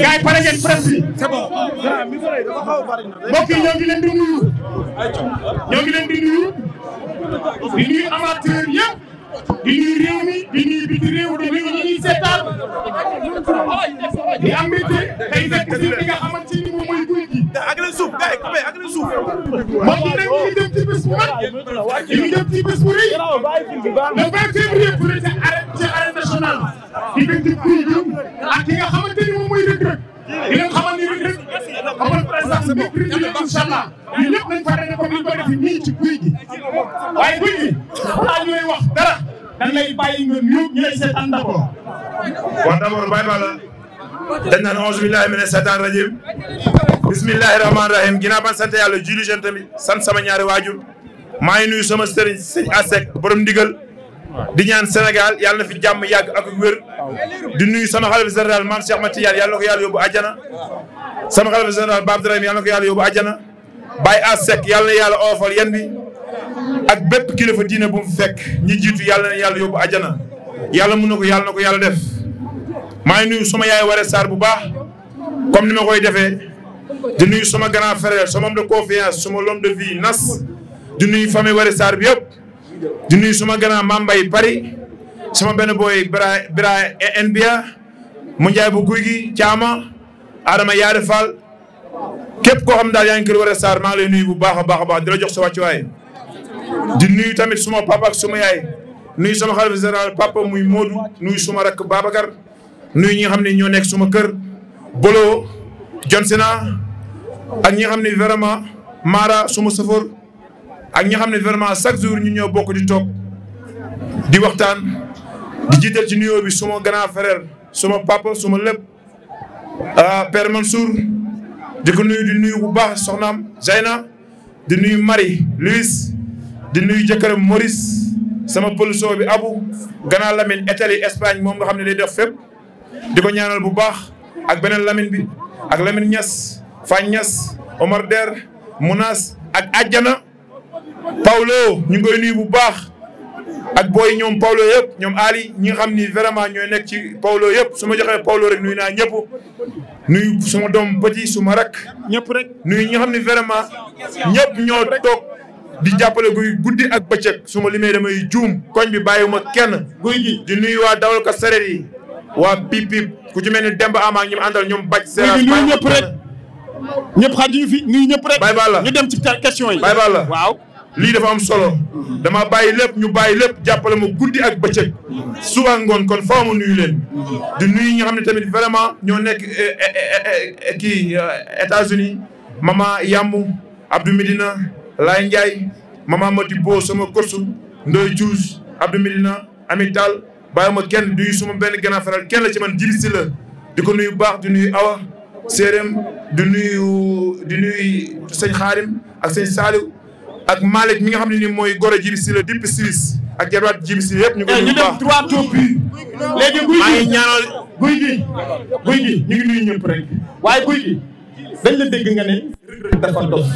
gars yi pare ngeen presse bi c'est bon. Ah, mbokk yi ñoo ngi leen di nuyu. ñoo ngi leen di nuyu. di nuyu amateur di nuyu réew mi di nuyu biti réew di nuyu ñi ñuy seetaan di am mbégte tey fekk si li nga xamante ni moom mooy guy gi. ak leen suuf gars yi coupé ak leen suuf. moo tax nag ñu ngi dem ci bés bu mag ñu ngi dem ci bés bu rëy le vingt février bu nekk ci arène nationale di dem ci guy gi ak ki nga xamante ni moom mooy Reug Reug di leen xamal ni Reug Reug xamal président bi Reug Reug incha allah ñun ñëpp nañ fa daje comme ni ñu ko defee nii ci guy gi. waaye guy gi balaa ñu lay wax dara dañ lay bàyyi nga nuyu ñu lay seetaan d'abord. waaw d'abord bàyyi ba la dañ naan auzu billahi mina seytaani rajim bismillahi rahmaani rahim ginnaaw ban sant yàlla julli jën tamit sant sama ñaari waajur maa ngi nuyu sama sëriñ sëñ Asek borom ndigal. di ñaan Sénégal yàlla na fi jàmm yàgg ak wér di nuy sama xalifa général maam Cheikh Mati Yàlla yàlla na ko yàlla yóbbu àjjana sama xalifa général Bab Dramé yàlla na ko yàlla yóbbu àjjana Baye Assek yàlla na yàlla oofal yan ak bépp kilifa diine bu mu fekk ñi jiitu yàlla na yàlla yóbbu àjjana yàlla mun na ko yàlla yàlla def maa ngi nuyu sama yaay Waré Sarr bu baax comme ni ma koy defee di nuy sama grand frère soma homme de confiance sama homme de vie nas di nuyu famille Waré Sarr bi yëpp di nuyu sama grand mambay Paris sama benn booy Bira Bira a mu jaay bu guy gi Caama Adama Yaare Fall képp koo xam daal yaa ngi kër war a saar maa ngi lay nuyu bu baax a baax a baax di la jox sa wàccuwaay di nuyu tamit suma papa ak suma yaay nuyu sama xalifa général papa muy Modou nuyu suma rakk Babacar nuyu ñi xam ne ñoo nekk suma kër Bolo John Sena ak ñi xam ne vraiment Mara suma safoor ak ñi xam ne vraiment chaque jour ñu ñëw bokk di toog di waxtaan di jiital ci nuyoo bi suma grand frère suma papa suma lépp ah, Père Mansour di ko nuyu di bu baax soxnaam Zeyna di nuyu Marie Louise di nuyu jëkkëram Maurice sama pëlsoo bi Abu ganaa Lamine Italie Espagne moom nga xam ne day def fépp di ko ñaanal bu baax ak beneen Lamine bi ak Lamine Niass Faye Niass Omar Der Mounas ak Adjana Paulo ñu ngi koy bu baax ak booy ñoom Paulo yëpp ñoom Ali ñi xam ni vraiment ñoo nekk ci Paulo yëpp suma ma joxee Paulo rek nuyu naa ñëpp nuyu suma doom petit suma rak ñëpp rek nuyu ñi nga xam ni vraiment ñëpp ñoo toog di jàppale guy guddi ak bëccëg su ma limee damay juum koñ bi bàyyiwuma kenn guy gi di nuy waa dawal ko sareet yi waa pip pip ku ci mel ni demb Ama ak ñi mu ñoom baj seera nuyu ñëpp rek ñëpp xaar ñu fi nuyu ñëpp rek bay balla ñu dem ci question yi bay balla waaw lii dafa am solo dama bàyyi lépp ñu bàyyi lépp jàppale ma guddi ak bëccëg suba kon faaw ma nuyu leen di nuyu ñi nga xam ne tamit vraiment ñoo nekk eh, eh, eh, kii unis mama Yambu Abdou Medina Laye Ndiaye mama Mati Bo sama korsu Ndoye Diouf Abdou Medina Amital bàyyi ma kenn duyu suma benn gànnaaw faral kenn la ci man jibisi la di ko nuyu baax di nuyu Awa Séeréem di nuyu di nuyu ak sëñ Saaliw ak Malick mi nga xam ne ni mooy goro jibi si la depuis Suisse ak jarwaat jibi si yëpp ñu ko eh, ñu dem trois tours bi léegi guy gi maa ngi ñaanal guy gi guy gi ñu ngi nuyu ñëpp rek waaye guy gi dañ la dégg nga ne Reug Reug dafa dof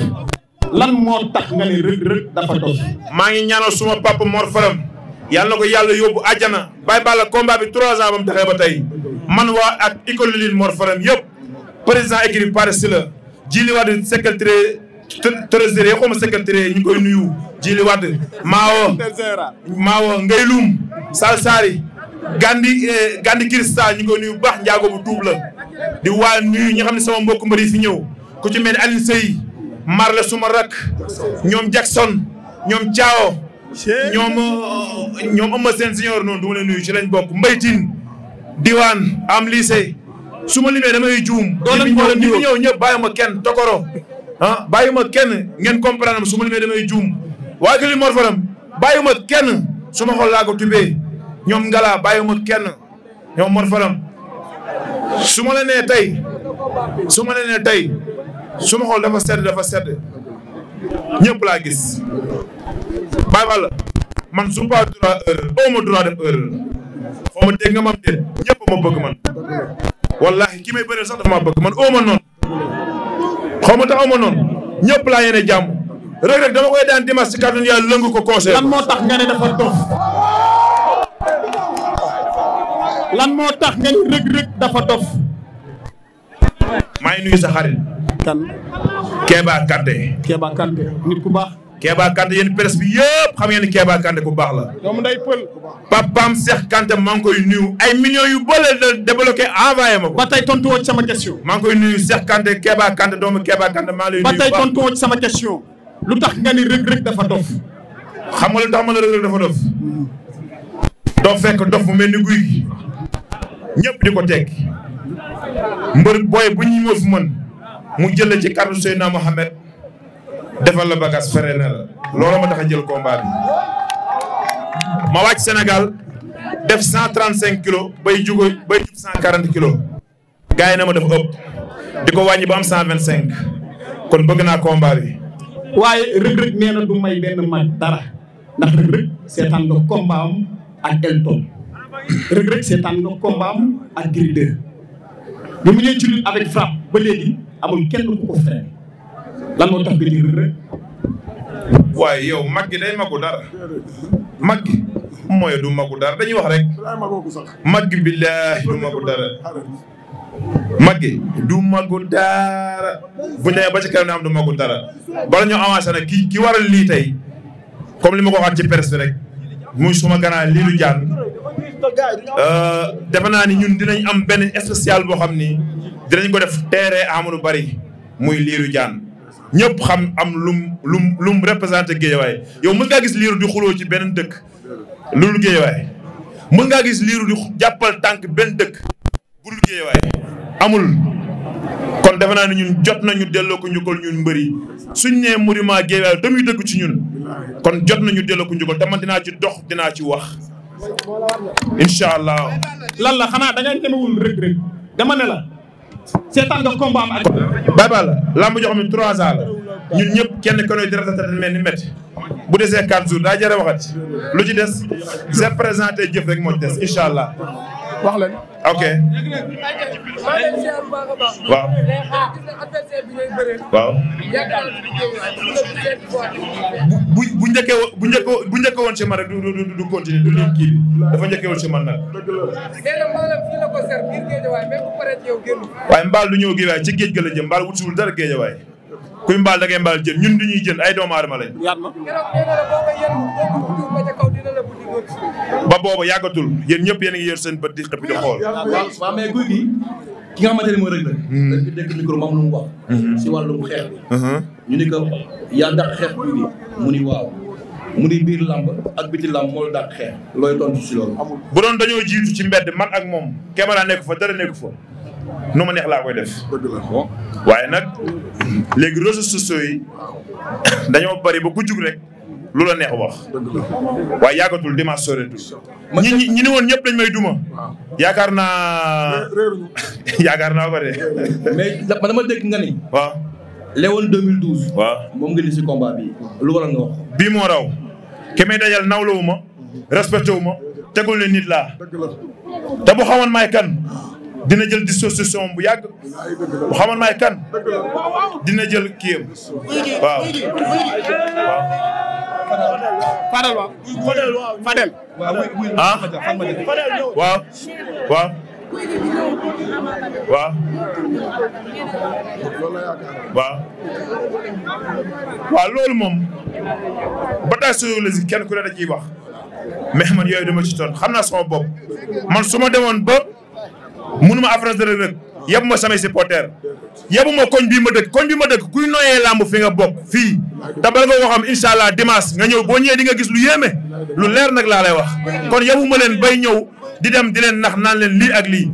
lan moo tax nga ne Reug Reug dafa dof maa ngi ñaanal suma papa Mor Faram yàlla na ko yàlla yóbbu àjjana bàyyi bàlla combat bi trois ans ba mu taxee ba tey man waa ak école Lille Mor Faram yëpp président équipe Paris si la jiliwaat secrétaire trésorier xaw ma secrétaire ñu ngi koy nuyu Jili Wade Maawo Maawo Ngay Loum Gandi eh, Kirista ñu ngi nuyu bu baax njaago bu tuub la di waa nuyu ñi xam ne sama mbokk mbëri fi ñëw ku ci mel ni Alioune Seye Marle suma rak ñoom Jackson ñoom Thiaw ñoom eh, ñoom Ama Sène Senior noonu du ma leen nuyu ci lañ bokk mbaytin diwaan am lycée su ma limee damay juum ñi fi ñëw ñëpp bàyyi ma kenn tokoro ah bàyyi ma kenn ngeen comprendre su ma limee damay juum waa kili Mor Faram bàyyi ma kenn suma xol laa ko ñoom Ngala bàyyi ma kenn ñoom Mor Faram su ma la nee tey su ma la nee tey suma xol dafa sedd sedd ñëpp laa gis. bàyyi wàll man su ma droit erreur aw ma droit def erreur nga ma am ñëpp ma bëgg man. wallahi ki may bëreel sax dafa ma bëgg man aw ma noonu. xaw ma taxaw ma noonu ñëpp laa yéene jàmm rek rek dama koy daan dimanche si kàddu yàlla lëngu ko conseil. lan moo tax nga ne dafa dof. lan moo tax nga ne dafa dof. maa ngi nuyu sa xarit. kan. Kéba Kanté. nit ku baax. Kéba Kanté yéen presse bi yëpp xam ngeen ni Kéba Kanté ku baax la. doomu nday pël. papaam Cheikh Kanté maa ay millions yu bële la débloqué envoyé ma ko. tey tontu woo sama question. maa ngi koy nuyu Cheikh Kanté Kéba Kanté doomu Kéba Kanté maa lay nuyu. ba tontu woo sama question. lu tax nga ni Reug Reug dafa dof. xam nga lu tax ma la Reug Reug dafa dof. dof fekk dof mu mel ni guy ñëpp di ko teg. mbër booy bu ñu mën mu jëlee ci kàddu Seydina Mohamed. defal la bagage fere na la loola ma tax jël combat ma wàcc senegal def cent trente cinq kilos bay jugo bay jug cent quarante kilo gars yi na ma def ëpp di ko wàññi ba am cent vingt cinq kon bëgg naa combat bi waaye rëg-rëg nee na du may benn mag dara ndax rëg-rëg seetaan nga combat am ak Elton rëg seetaan nga combat am ak bi mu ñëw ci avec frappe ba léegi amul kenn ku ko freiné lan moo tax nga jël rek. waaye yow mag gi day magu dara mag gi du magu dara dañuy wax rek mag gi billaahi du magu dara mag gi du magu dara bu ñëwee ba ci kanam am du magu dara bala ñu avancé nag ki ki waral lii tey comme li ma ko waxaat ci rek muy suma ganaa lii lu jaan euh, defe naa ni ñun dinañ am benn spécial boo xam ni dinañ ko def teere Amadou Bari muy liiru jaan ñëpp xam am lum lum lum représenté géejawaay yow mën ngaa gis liiru di xuloo ci beneen dëkk loolu géejawaay mën ngaa gis liiru di jàppal tànk benn dëkk bu dul géejawaay amul kon defe naa ne ñun jot nañu delloo ko njukkal ñun mbëri suñ nee monument géejawaay damuy dëgg ci ñun kon jot nañu delloo ko njukkal dinaa ci dox dinaa ci wax incha allah lan la xanaa da nga ñemewul rëg rëg dama la seetaan nga combat am ak. Baye Balla lamb jox xam ne trois ans ñun ñëpp kenn ku ne di rafetlu mel ni métti bu desee quatre jours daa jëre waxat lu ci des c'est présenter jëf rek moo des incha allah. wax leen. ok. waaw. waaw. bu bu njëkkee woon bu njëkkee bu njëkkee woon si man rek du du du du continuer dafa njëkkee woon si man nag. waaye mbaal du ñëw géejawaay ci géej ga la jëm mbaal wut si wul dara géejawaay kuy mbaal da mbaal jën ñun du ñuy jën ay doomu aadama lañ. ba boobu yàggatul yéen ñëpp yéen ngi yor seen bët di xëpp di xool. waaw mais guy gi ki nga xamante ne mooy rëgg la. dañ dégg micro moom lu mu wax. Hmm. si wàllum xeex bi. Uh-huh. mu ni waaw. mu ni biir làmb ak biti làmb moo dàq xeex looy tontu si loolu. bu doon dañoo jiitu ci mbedd man ak moom Kémara nekk fa dara nekk fa nu ma neex laa koy def. waaye nag léegi réseaux sociaux dañoo bari ba ku jug rek. lu la neex wax waaye yàggatul dimanche soreetul ñi ñi ñi ni woon ñëpp dañ may duma yaakaar naa yaakaar naa ko de mais dama dégg nga ni waaw Léone 2012 waaw moom nga di si combat bi lu waral nga wax bii moo raw ke may dajal nawlawu ma respecté wu ma tegul ne nit laa te bu xamoon maay kan dina jël dissociation bu yàgg bu xamoon maay kan dina jël kiyam waaw Fadel waaw. Fadel waaw Fadel. ah waaw waaw. waaw. waaw. loolu moom. ba tax suñu kenn ku ne da ciy wax. mais man yooyu dama ci xam naa sama bopp man su ma demoon ba mënuma affronter Reug Reug yëpp ma samay supporters yëpp ma koñ bii ma dëkk koñ bi ma dëkk kuy noyee làmb fi nga bokk fii te bala nga ko xam incha allah dimanche nga ñëw boo ñëwee di nga gis lu yéeme lu leer nag laa lay wax kon yëpp leen bay ñëw di dem di leen nax naan leen lii ak lii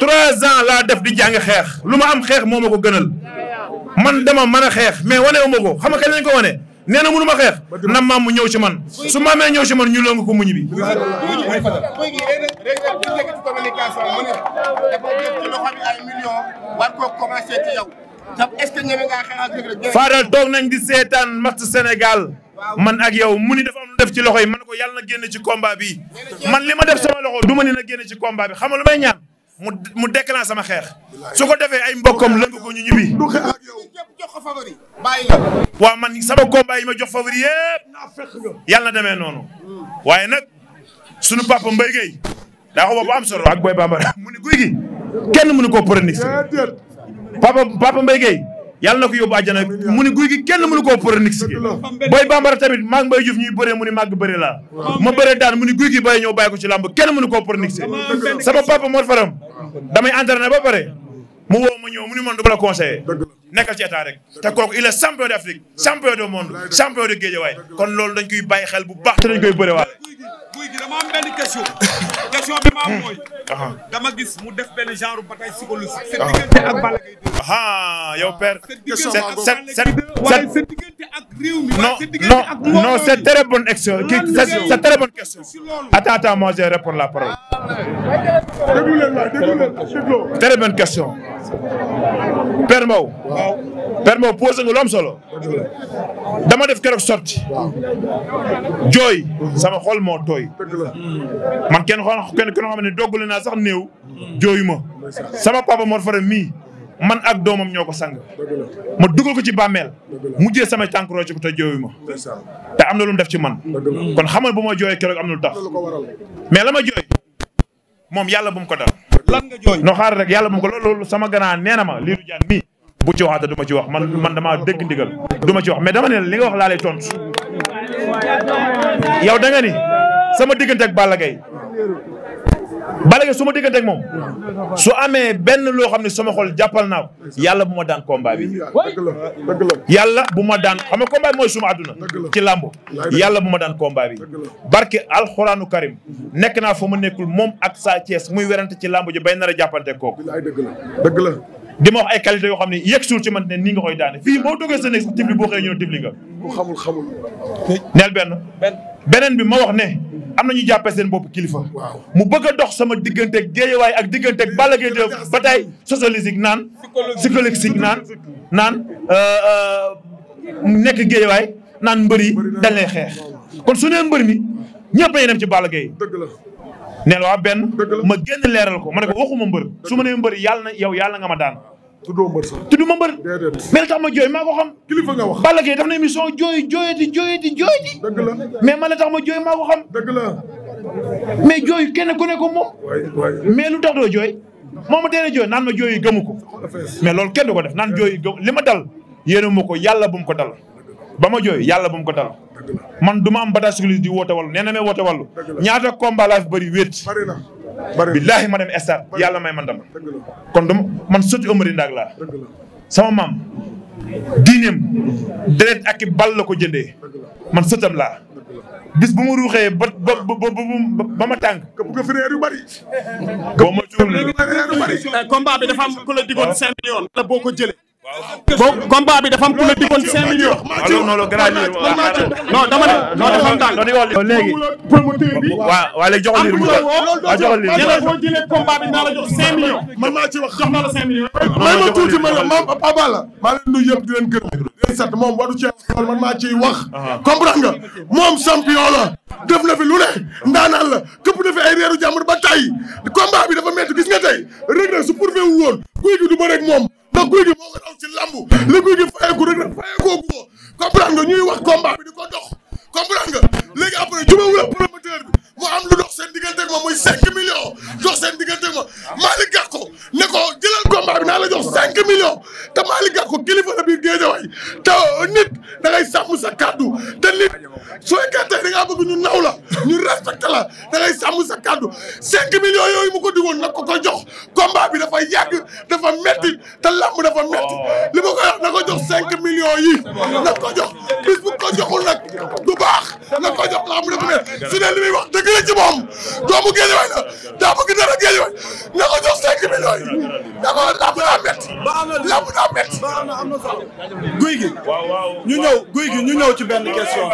trois ans laa def di jàng xeex lu ma am xeex moom ma ko gënal man dama man a xeex mais wane wu ma ko xam nga kañ lañ ko wanee nee na mënu ma xeex na maam mu ñëw ci man su maamee ñëw ci man ñu lëngu ko muñ bi. Fadel toog nañ di seetaan match Sénégal man ak yow mu ni dafa am lu def ci loxo yi man ko yàlla na génn ci combat bi man li ma def sama loxo du ma ni na génn ci combat bi xam nga lu may ñaan. mu mu déclenché sama xeex su ko defee ay mbokkam lëng ko ñu ñibbi. yow jox ko favori bàyyi nga. man sama combat yi ma jox favori yëpp yàlla na demee noonu waaye nag sunu papa Mbaye Gueye daa ko am solo. ak Boy Bambara mu ni guy gi kenn mënu koo pronostiquer papa papa Mbaye Gueye yàlla na ko yóbbu àjjana mu ni guy gi kenn mënu koo pronix booy bambara tamit maag mbay juuf ñuy bëree mu ni màgg bëri la ma bëree daan mu ni guy gi bay ñëw bàyyi ko ci làmb kenn mënu koo pronix sama papa faram damay entraîné ba mu woo ma ñëw mu man du ma nekkal ci te kooku il est champion d'Afrique kon loolu dañ koy bàyyi xel bu baax te dañ koy bëriwaale. dama gis mu def benn genre bataille psychologique. seen diggante ak c'est très bonne question c'est très bonne question. attends la parole. déglu leen question. Père Mbow. Père Mbow posé nga lu solo. dama def keroog sorti jooy sama xol moo tooy. man kenn kenn kenn xam ne doggule naa sax néew. jooyu ma sama papa Mor Fara mii man ak doomam ñoo ko sang. ma dugal ko ci bàmmeel. mujjee sama tànk rocc ko te jooyu ma. am na lu def ci man. kon xamal bu ma jooyee keroog am na lu tax. mais la ma jooy moom yàlla bu mu ko dal. lan nga jooy no xaar rek yàlla moom loolu sama gannaaw nee na ma liiru jaan mii bu ci waxaate du ma ci wax man man damaa dégg ndigal du ma ci wax mais dama ne li nga wax laa lay tontu yow da nga ni sama diggante ak Balla Gaye Balla Gaye su ma diggante ak moom su amee benn loo xam ne sama xol jàppal naa yàlla bu ma daan combat bi yàlla bu ma daan xam nga combat bi mooy suma àdduna ci làmb yàlla bu ma daan combat bi barke alxuraanu karim nekk naa foo ma nekkul moom ak Sa Thiès muy werante ci làmb ji bay nar a jàppante kooku dëgg la di ma wax ay qualité yoo xam ne yegg suul ci man ne nii nga koy daane fii boo duggee sa nekk tifli boo xëyee ñu ne tifli nga neel benn beneen bi ma wax ne am na ñu jàppee seen bopp kilifa. mu bëgg a dox sama digganteeg géejewaay ak digganteeg Balla Gaye def ba tey sociologique naan. psychologique naan naan euh, euh, nekk géejewaay naan mbër yi dañ xeex. kon su nee mbër mi ñëpp a dem ci Balla Gaye. neel waa benn ma génn leeral ko ma ne ko waxuma mbër su ma nee mbër yàlla na yow yàlla nga ma daan. tuddoo mbër sax tudduma mbër. déedéet mais ma jooy maa ko xam. kilifa nga wax Balla Gaye def na jooy jooyati jooyati jooyati. dëgg la mais man la tax ma jooy maa xam. dëgg mais jooy kenn ku ne ko moom. mais lu tax doo jooy. moom ma teel a jooy naan ma jooy yi gëmu ko. mais loolu kenn def naan jooy yi gëm li ma dal yéene ma ko yàlla bu mu ko dal. ba ma jooy yàlla bu mu ko dal. man du ma am bataas di woote wàllu nee na may woote wàllu. ñaata combat laa fi bëri wéet. billaahi ma dem stade yàlla may ma ndam kon dama man soti Omari Ndak laa sama maam diineem deret ak i la ko jëndee man sëtam la bis bu mu ruuxee ba ba ba ba ma tàng. que bugg a frère yu bari. boo ma tuur combat bi dafa am ku la digoon cinq millions la boo ko jële boobu combat bi dafa am ku la diggoon cinq millions. non dama ne. non dafa am tànk léegi. waaw waaw léegi joxal liir mu jox waaw ah, joxal liir mu jox boo jëlee combat bi naa la jox cinq millions. man maa ci wax jox naa la cinq millions. may ma tuuti ma la maam Abba la. maa leen nuyu yëpp ci wax. comprendre nga moom champion la. na fi lu ne ndaanaan la képp fi ay réeru jàmbur ba tey combat bi dafa métti gis nga tey rëgg na su pourfait guy gi du bëreeg moom ndax guy gi moo ko raw si lambu li guy gi fayeeku rek rek fayeekoo ko comprendre nga ñuy wax combat bi di ko dox comprendre nga léegi après jubóowu la promoteur bi mu am lu dox seen diggante ak moom muy 5 millions dox seen diggante ak moom Malick Gakou ne ko jëlal combat bi naa la jox 5 millions te Malick Gakou kilifa la biir Guédiawaye te nit da ngay sa kaddu te nit su fekkee da ngaa bëgg ñu naw la ñu respecté la da ngay sàmm sa kaddu 5 millions yooyu mu ko digoon na ko ko jox combat bi dafa yàgg dafa metti te lamb dafa metti li ma koy wax na ko jox 5 millions yi na ko jox bis bu ko joxul nag baax na ko jox laa mu ne bu ne ne li moom doomu Guédiawaye la daa bëgg dara Guédiawaye na ko jox cinq millions yi da ko làmb guy gi ñu ñëw guy gi ñu ñëw ci benn question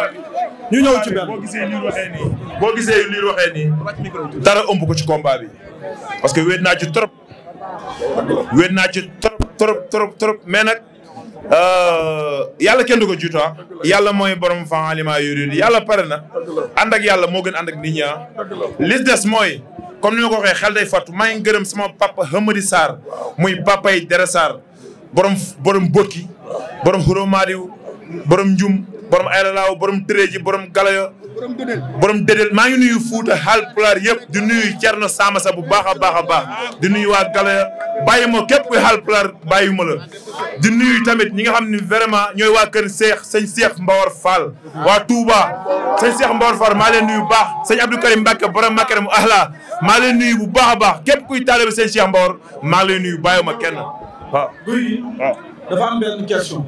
ñu ñëw ci benn boo gisee lii waxee ni boo gisee lii waxee nii dara ëmb ko ci combat bi parce que wéet naa ci trop wéet naa ci trop Euh, yàlla kenn du ko jiitu ah. yàlla mooy borom fan aliment yuridu yàlla pare na ànd ak yàlla moo gën ànd ak nit ñi ah. li des mooy comme ni ma ko xel day fàttu maa ngi gërëm sama papa Hamadi Sarr muy papay Dere Sarr borom borom bokki borom xuróomaadiw borom njum borom aylalaaw borom tëréji borom galayo borom déedéet maa ngi nuyu Fuuta Haalpulaar yëpp di nuyu Cerno Samasa bu baax a baax a baax di nuyu waa Galaya bàyyi ma képp kuy Haalpulaar bàyyi ma la di nuyu tamit ñi nga xam ne vraiment ñooy waa kër Seex sëñ Seex Mbawar Fall waa Touba sëñ Seex Mbawar Fall maa leen nuyu bu baax sëñ Abdou Karim Mbacke borom mu Ahla maa leen nuyu bu baax a baax képp kuy taalibe sëñ Seex Mbawar maa leen nuyu baay ma kenn waaw dafa am benn question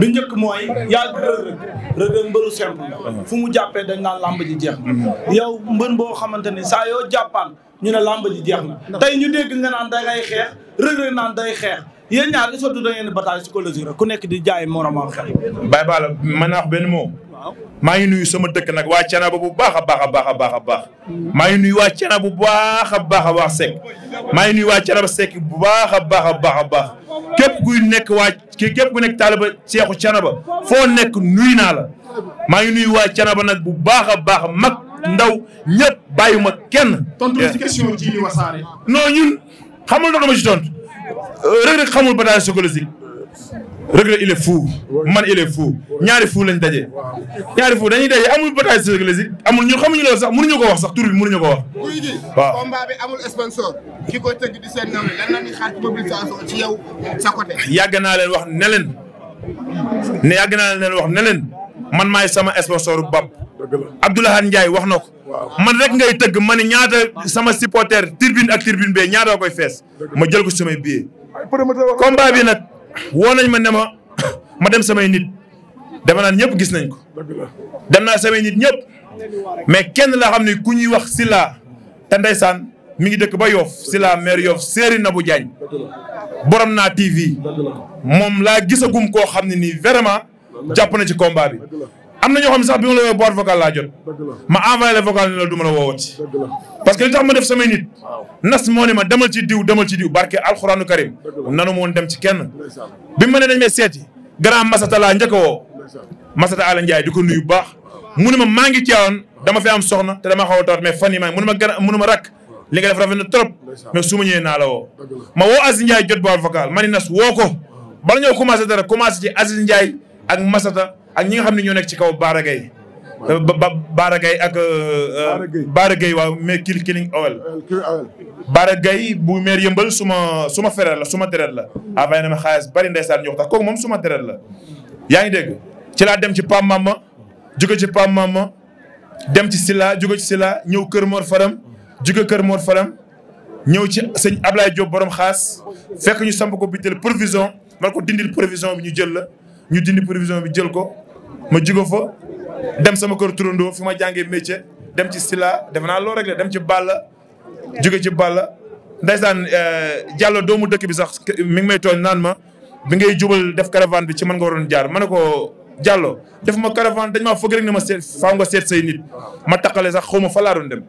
bi njëkk mooy yàgg Reug Reug Reug Reug mbëru simple fu mu jàppee dañ naan làmb ji jeex na mhm. yow mbër boo xamante ni saa yoo jàppaan ñu ne làmb ji jeex na tey ñu dégg nga naan da ngay xeex Reug Reug naan day xeex yéen ñaar surtout da ngeen bataille psychologique rek ku nekk di jaay moromam xel Baye Balla mën naa wax benn mot maa ngi nuyu sama dëkk nag waa Thiénaba bu baax a baax a baax a baax a baax maa ngi nuyu waa Thiénaba bu baax a baax a baax Seck maa ngi nuyu waa Thiénaba Seck bu baax a baax a baax a baax képp kuy nekk waa képp ku nekk taaliba Seexu Thiénaba foo nekk nuyu naa la maa ngi nuyu waa Thiénaba nag bu baax a baax mag ndaw ñëpp ma kenn tontu ci question ji ñu wasaare ñun xamul na dama ci tontu rek rek xamul bataille psychologique Reug Reug il man il est fou ñaari fou lañ daje ñaari fou dañuy daje amul bataille si Reug si amul ñu xamuñu loolu sax wax sax tur bi mënuñu ko wax. waaw combat bi amul ko tëgg di seen nawle lan la ñuy xaar ci mobilisation yow sa naa leen wax ne leen ne yàgg naa leen wax ne leen man maay sama sponsor bopp. Abdoulaye Ndiaye wax na ko. man rek ngay tëgg man ñaata sama supporter tribune ak tribune bee ñaata koy fees. ma jël ko samay billets. combat bi nag. woo nañ ma ne ma ma dem samay nit defe naa ñëpp gis nañ ko dem naa samay nit ñëpp mais kenn laa xam ne ku ñuy wax si laa te ndeysaan mi ngi dëkk ba Yoff Sylla maire Yoff seeri na bu Diagne borom naa TV moom laa gisagum koo xam ne nii vraiment jàpp na ci combat bi am na ñoo xam ne sax bi ma la woowee boîte vocale jot. ma envoyé la vocal ne la du parce que li tax ma def samay nit. nas moo ne ma demal ci diw barke alxuraanu karim. nanu moon dem ci kenn. bi ma ne dañ may seeti. grand Masata laa njëkk a woo. Masata Ala Ndiaye di ko nuyu bu baax. ma maa ngi ceewoon dama fi am soxna te dama xaw a tawat mais fan yi ma gën mu ne rakk. li nga def rafet na trop. mais su ñëwee naa la woo. ma woo Aziz Ndiaye jot boîte vocale ma woo ko. bala ñoo commencé ci Aziz Ndiaye ak Masata ak ñi nga xam ne ñoo nekk ci kaw Baara Gaye Baara Gaye ak. Euh, euh, Baara Gaye waaw mais kil kiling owel. Baara Gaye bu meer yëmbal suma suma frère la suma deret la. avant ah, na ma xaalis bari ndeysaan ñoo tax kooku moom suma deret la. yaa ngi dégg ci laa dem ci Pam Mama jóge ci Pam Mama dem ci Sila jóge ci Sila ñëw Kër moor Faram jóge Kër Mor Faram ñëw ci sëñ Ablaye Diop borom xaas fekk ñu samp ko bitel provision man ko dindil provision bi ñu jël la ñu dindi provision bi jël ko. ma jugo fa dem sama kër turandoo fi ma jàngee métier dem ci Sila def naa loo réglé dem ci Balla jóge ci Balla ndaysaan euh, Diallo doomu dëkk bi sax mi ngi may tooñ naan ma bi ngay jubal def caravane bi ci man nga waroon jaar ma ne ko Diallo def ma caravane dañ maa fog rek ne ma seet faaw nga seet say nit ma taqale sax xaw ma fa laa doon dem.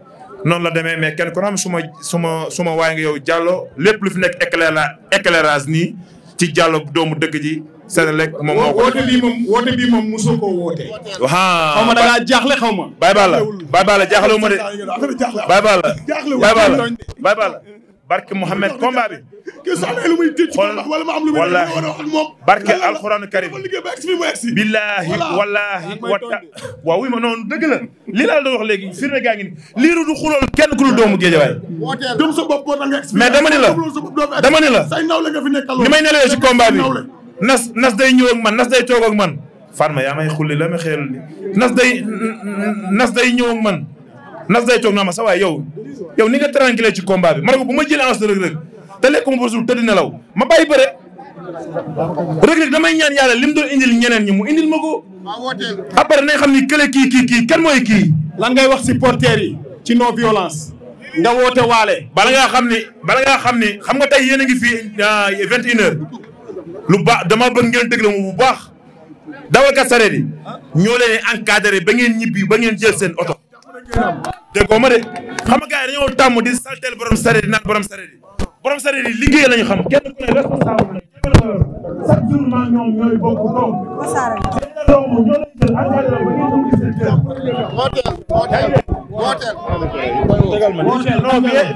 noonu la demee mais kenn ku am suma suma su ma waay nga yow Diallo lépp lu fi nekk éclairage éclairage nii ci Diallo doomu dëkk ji. Senelec moom moo ko. woote bii moom woote bii xaw ma da ngaa jaaxle xaw ma. Baye Balla Baye ma de. Baye Balla Baye Balla Baye Balla. barke wala barke alxuraanu karim. billaahi wallaahi wata. waaw wuy ma noonu dëgg la lii laa doon wax léegi firnde gaa ngi nii liiru du kenn ku dul doomu géejawaay. mais dama ni la dama ni la ni may nelawee nas nas day ñëw ak man nas day toog man Fatma yaa may xulli la ma xeel nas day nas day ñëw man nas day toog naa ma sawaay waay yow yow ni nga tranquille ci combat bi ma ne ko bu ma jëlee avance rëg-rëg ba suur tëdd nelaw ma ñaan yàlla lim doon indil ñeneen ñi mu indil ma ko après nañ xam ni kële kii kii kii kan mooy kii lan ngay wax supporters yi ci non violence nga woote waale bala ngaa xam ni bala ngaa xam ni xam nga tey yéen a ngi fi ah, vingt une lu baax dama bëgg ngeen déglu mu bu baax dawalkat sareet yi ñoo leen encadré ba ngeen ñibbi ba ngeen jël seen oto. dégg ko ma de xam nga gars yi dañoo di saltel borom sareet yi naan borom sareet yi borom sareet yi liggéey lañu xam kenn ku ne responsable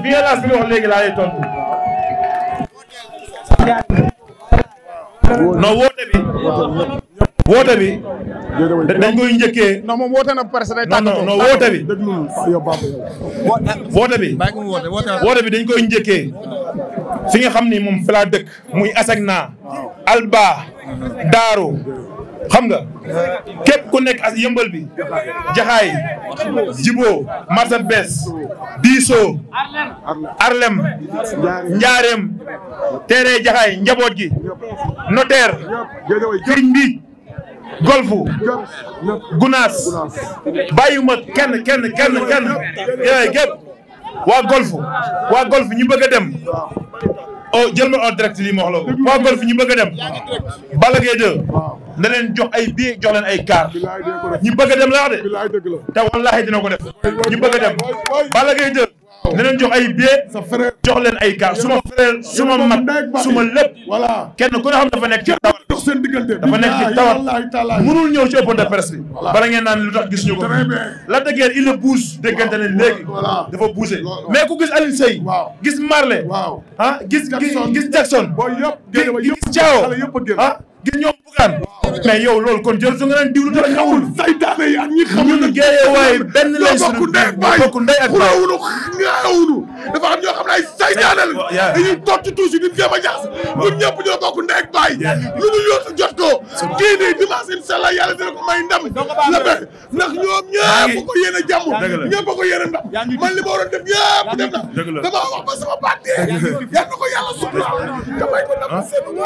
bi nga wax léegi laa non woote bi. woote bi. dañ koy njëkkee. non woote bi. woote bi. woote bi dañ koy njëkkee. fi nga xam ni moom fi dëkk. muy Asegna. Alba. Daaro. xam nga képp ku nekk as yëmbal bi jaxaay jibo marsan bees diisoo arlem njaareem teere jaxaay njaboot gi notaire Serigne Mbic golfu gunaas bàyyiwuma kenn kenn kenn kenn wa gépp waa golfu waa golfu ñu bëgg dem o oh, jël ma en direct lii ma wax la golf ñu bëgg a dem Balla Gaye 2 na leen jox ay billets jox ay car ñu bëgg a dem laa de te wallaahi dina ko def ñu bëgg a dem Balla ne leen jox ay billets. sa frère jox leen ay gaz suma frère suma mag suma lépp. voilà kenn ku ne xam dafa nekk ci tawat. dafa nekk ci tawat mënul ñëw ci open de presse bi. bala ngeen naan lu gis ñu ko. la de guerre il le bouge déggante léegi. dafa bougé mais ku gis Alioune Seye. gis Marley. ah gis gis Jackson. gis Thiaw gis ñoom bugaan mais yow loolu kon jël su nga naan diwlu dara ñëwul saytaane yi ak ñi xamul ñun géeyewaay benn lay suñu bokk ndey ak baay xulawunu ñaawunu dafa am ñoo xam ne ay saytaane la dañuy toog ci tuuti di jéem a jax ñun ñëpp ñoo bokk ndey ak baay lu ñu yóotu jot ko kii nii dimanche incha allah yàlla may ndam la ñoom ñëpp ko yéene jàmm